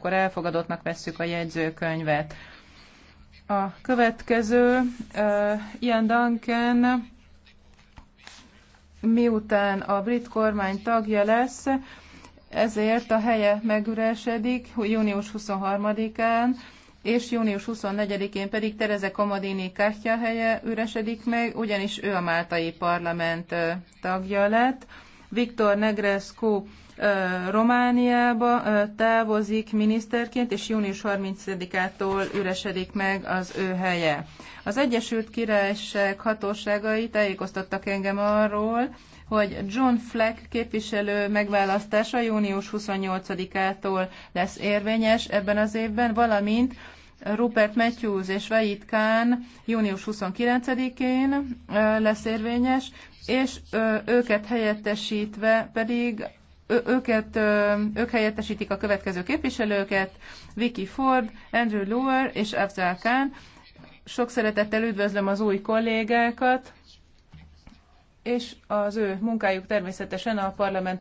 akkor elfogadottnak vesszük a jegyzőkönyvet. A következő, uh, Ian Duncan, miután a brit kormány tagja lesz, ezért a helye megüresedik június 23-án, és június 24-én pedig Tereze Komadini kártya helye üresedik meg, ugyanis ő a Máltai Parlament tagja lett. Viktor Negrescu Romániába távozik miniszterként, és június 30-ától üresedik meg az ő helye. Az Egyesült Királyság hatóságai tájékoztattak engem arról, hogy John Fleck képviselő megválasztása június 28-ától lesz érvényes ebben az évben, valamint Rupert Matthews és Veit Kán június 29-én lesz érvényes, és őket helyettesítve pedig őket, ők helyettesítik a következő képviselőket, Vicky Ford, Andrew Luer és Afzal Khan. Sok szeretettel üdvözlöm az új kollégákat, és az ő munkájuk természetesen a parlament